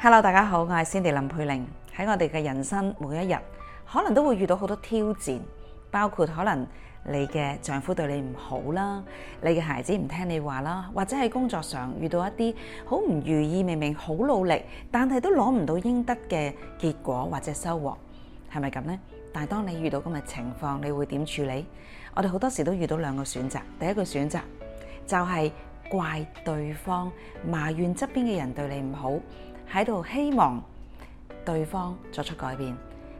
Hello，大家好，我係 Cindy 林佩玲。喺我哋嘅人生每一日，可能都會遇到好多挑戰，包括可能你嘅丈夫對你唔好啦，你嘅孩子唔聽你話啦，或者喺工作上遇到一啲好唔如意，明明好努力，但係都攞唔到應得嘅結果或者收穫，係咪咁呢？但係當你遇到咁嘅情況，你會點處理？我哋好多時都遇到兩個選擇，第一個選擇就係怪對方埋怨，側邊嘅人對你唔好。喺度希望對方作出改變，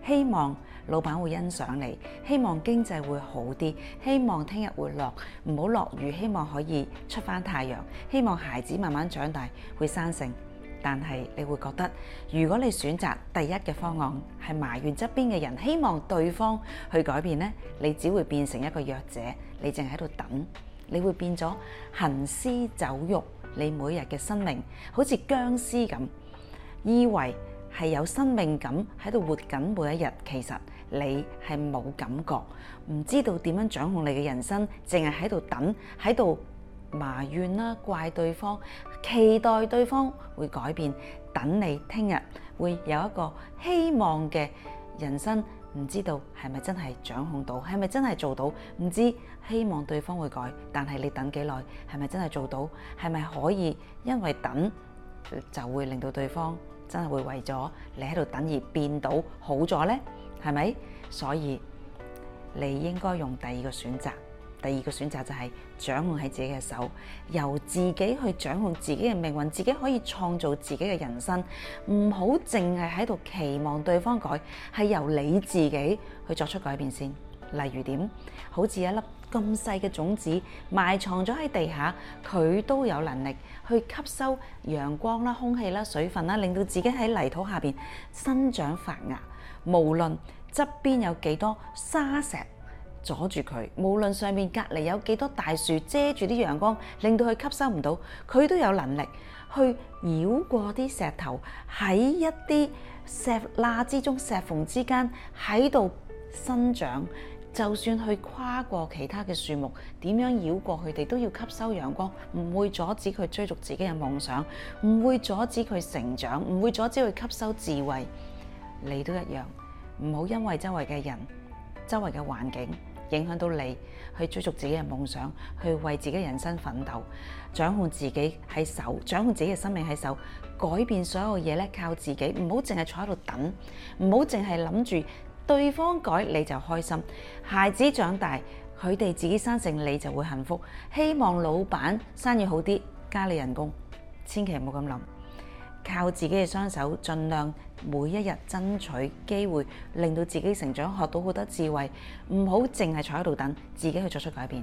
希望老闆會欣賞你，希望經濟會好啲，希望聽日會落唔好落雨，希望可以出翻太陽，希望孩子慢慢長大會生性。但係你會覺得，如果你選擇第一嘅方案係埋怨側邊嘅人，希望對方去改變呢，你只會變成一個弱者，你淨係喺度等，你會變咗行屍走肉。你每日嘅生命好似僵屍咁。以為係有生命感喺度活緊每一日，其實你係冇感覺，唔知道點樣掌控你嘅人生，淨係喺度等，喺度埋怨啦，怪對方，期待對方會改變，等你聽日會有一個希望嘅人生，唔知道係咪真係掌控到，係咪真係做到，唔知希望對方會改，但係你等幾耐，係咪真係做到，係咪可以因為等？就會令到對方真係會為咗你喺度等而變到好咗呢，係咪？所以你應該用第二個選擇，第二個選擇就係掌控喺自己嘅手，由自己去掌控自己嘅命運，自己可以創造自己嘅人生，唔好淨係喺度期望對方改，係由你自己去作出改變先。例如點？好似一粒咁細嘅種子埋藏咗喺地下，佢都有能力去吸收陽光啦、空氣啦、水分啦，令到自己喺泥土下面生長發芽。無論側邊有幾多沙石阻住佢，無論上面隔籬有幾多大樹遮住啲陽光，令到佢吸收唔到，佢都有能力去繞過啲石頭，喺一啲石罅之中、石縫之間喺度生長。就算去跨過其他嘅樹木，點樣繞過佢哋都要吸收陽光，唔會阻止佢追逐自己嘅夢想，唔會阻止佢成長，唔會阻止佢吸收智慧。你都一樣，唔好因為周圍嘅人、周圍嘅環境影響到你去追逐自己嘅夢想，去為自己人生奮鬥，掌控自己喺手，掌控自己嘅生命喺手，改變所有嘢咧靠自己，唔好淨係坐喺度等，唔好淨係諗住。對方改你就開心，孩子長大佢哋自己生性你就會幸福。希望老闆生意好啲，加你人工千祈唔好咁諗，靠自己嘅雙手，盡量每一日爭取機會，令到自己成長，學到好多智慧，唔好淨係坐喺度等，自己去作出改變。